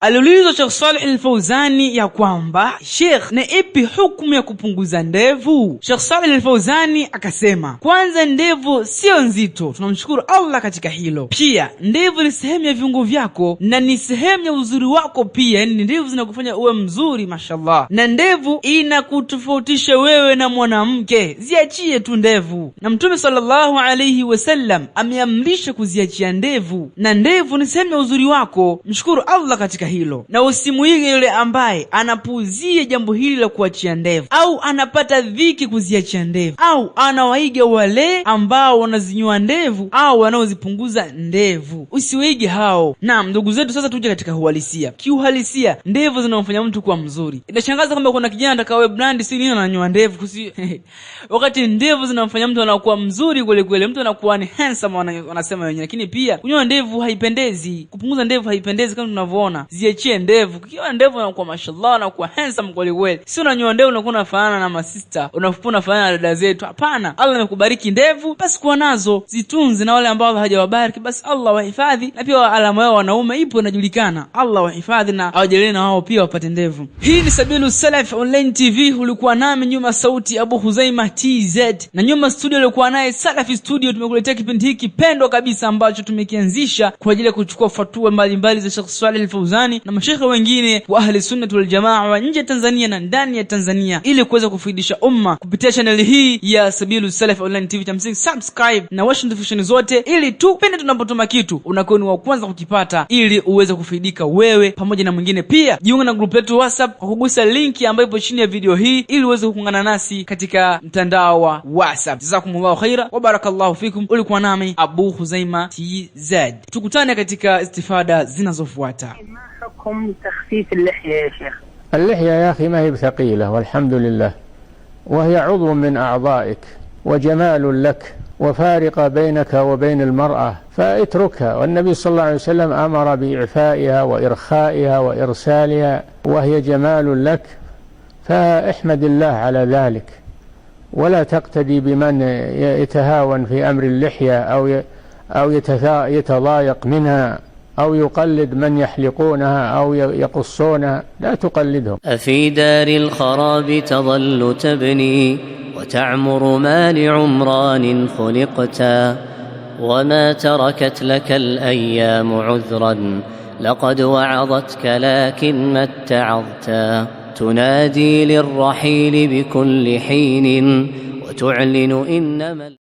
Aliulizwa Sheikh Saleh al ya kwamba Sheikh, ni ipi hukumu ya kupunguza ndevu? Sheikh Saleh al akasema, kwanza ndevu siyo nzito, tunamshukuru Allah katika hilo. Pia ndevu ni sehemu ya viungo vyako na ni sehemu ya uzuri wako pia, yaani ndevu zinakufanya uwe mzuri, mashallah, na ndevu inakutofautisha wewe na mwanamke. Ziachie tu ndevu, na Mtume sallallahu alayhi wasallam ameamrisha kuziachia ndevu, na ndevu ni sehemu ya uzuri wako. Mshukuru Allah katika hilo, na usimuige yule ambaye anapuuzia jambo hili la kuachia ndevu, au anapata dhiki kuziachia ndevu, au anawaiga wale ambao wanazinyua ndevu au wanaozipunguza ndevu. Usiwaige hao. Naam, ndugu zetu, sasa tuje katika uhalisia. Kiuhalisia, ndevu zinamfanya mtu kuwa mzuri. Inashangaza kwamba kuna kijana atakawe brand si nini ananyua ndevu kusi wakati ndevu zinamfanya mtu anakuwa mzuri kweli kweli, mtu anakuwa ni handsome, wanasema wenyewe. Lakini pia kunyoa ndevu haipendezi, kupunguza ndevu haipendezi kama tunavyoona ziachie ndevu. kiwa ndevu nakuwa mashallah, unakuwa handsome kweli kweli, si unanyoa ndevu unakuwa unafanana na masista, unafupa unafanana na dada zetu. Hapana, Allah amekubariki ndevu, basi kuwa nazo, zitunze, na wale ambao hajawabariki basi Allah wahifadhi, na pia alama yao wanaume ipo inajulikana. Allah wahifadhi na awajalie na wao pia wapate ndevu. Hii ni Sabilu Salaf Online TV, ulikuwa nami nyuma sauti Abu Huzaima TZ, na nyuma studio ulikuwa naye Salafi Studio. Tumekuletea kipindi hiki pendwa kabisa ambacho tumekianzisha kwa ajili ya kuchukua fatua mbalimbali za Sheikh swali al Marekani na mashekhe wengine wa ahli sunnati wal jamaa wa nje ya Tanzania na ndani ya Tanzania ili kuweza kufaidisha umma kupitia chaneli hii ya Sabilu Salaf Online TV. Cha msingi subscribe na washa notification zote, ili tu pindi tunapotuma kitu unakuwa ni wa kwanza kukipata, ili uweze kufaidika wewe pamoja na mwingine. Pia jiunga na grupu letu WhatsApp kwa kugusa linki ambayo ipo chini ya video hii, ili uweze kuungana nasi katika mtandao wa WhatsApp. Jazakumullahu khaira wa barakallahu fikum. Ulikuwa nami Abu Huzaima TZ, tukutane katika istifada zinazofuata. حكم تخفيف اللحية يا شيخ اللحية يا أخي ما هي بثقيلة والحمد لله وهي عضو من أعضائك وجمال لك وفارقة بينك وبين المرأة فاتركها والنبي صلى الله عليه وسلم أمر بإعفائها وإرخائها وإرسالها وهي جمال لك فاحمد الله على ذلك ولا تقتدي بمن يتهاون في أمر اللحية أو أو يتضايق منها أو يقلد من يحلقونها أو يقصونها لا تقلدهم أفي دار الخراب تظل تبني وتعمر ما لعمران خلقتا وما تركت لك الأيام عذرا لقد وعظتك لكن ما اتعظتا تنادي للرحيل بكل حين وتعلن إنما